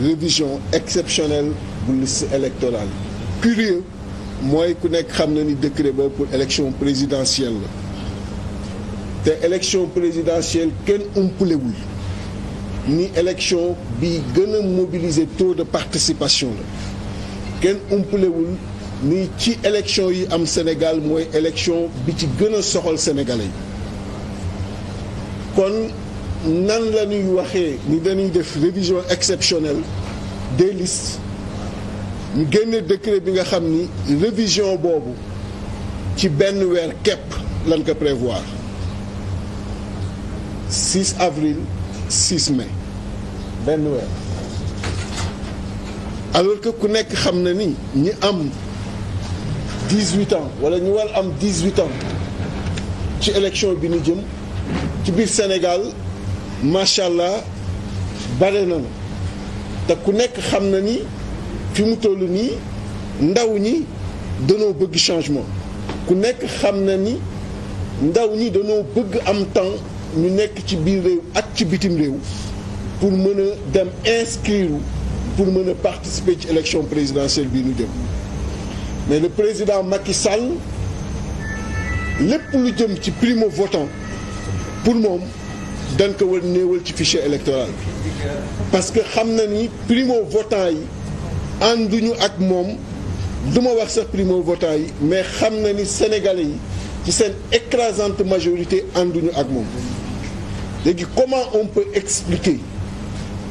révision exceptionnelle bu liste électorale curieux mooy ku nekk xam na ni décret ba pour élection présidentielle la te élection présidentielle kenn umpalewul ni élection bi gën a mobiliser taux de participation la kenn umpalewul ni ci élection yi am Sénégal mooy élection bi ci gën a soxal sénégalais yi nan la ñuy waxee ni dañuy def révision exceptionnelle des listes ñu génne décret bi nga xam ni révision boobu ci benn weer képp lañ ko prévoir 6 avril 6 mai benn weer alors que ku nekk xam na ni ñi am 18 ans wala ñu wal am 18 ans ci élection bi ñu jëm ci biir Sénégal macha allah bare na te ku nekk xam na ni fi mu toll nii ndaw ñi danoo bëgg changement ku nekk xam na ni ndaw ñi danoo bëgg am temps ñu nekk ci biir réew ak ci bitim réew pour mën a dem inscrire pour mën a participer ci élection présidentielle bii nu jëm mais le président Macky Sall lépp lu jëm ci primo votant pour moom dañ ko war néewal ci fichier électoral parce que xam na ni primo votant yi ànduñu ak moom du ma wax sax primo votant yi mais xam na ni sénégalais yi ci seen écrasante majorité ànduñu ak moom léegi comment on peut expliquer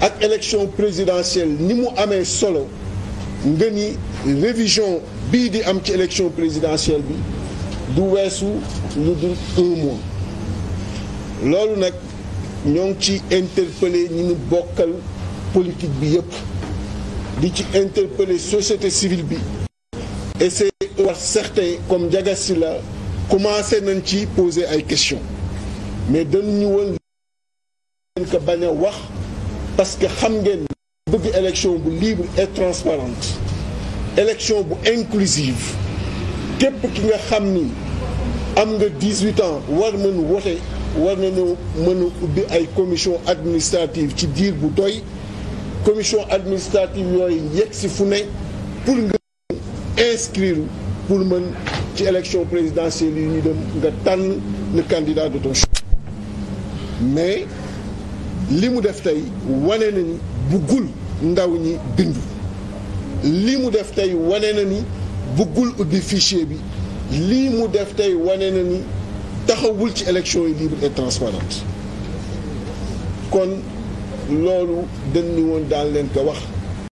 ak élection présidentielle ni mu amee solo nga ni révision bii di am ci élection présidentielle bi du weesu lu dul un mois loolu nag ñoo ngi ci interpellé ñi ñu bokkal politique bi yëpp di ci interpellé société civile bi et c'est wax certains comme Ndiaga Sylla commencé nañ ci poser ay questions mais dañu woon leen ko bañ wax parce que xam ngeen bëgg élection bu libre et transparente élection bu inclusive képp ki nga xam ni am nga 18 ans war mën wote war nañu mën ubbi ay commission administrative ci diir bu doy commission administrative yooyu yegg si fu ne pour nga inscrire pour mën ci élection présidentielle yi ñu dem nga tànn le candidat de ton mais li mu def tey wane na ni buggul ndaw ñi bindu li mu def tey wane na ni bu buggul ubbi fichier bi lii mu def tey wane na ni taxawul ci élection yi libre et transparente kon loolu dañ ni woon daan leen ko wax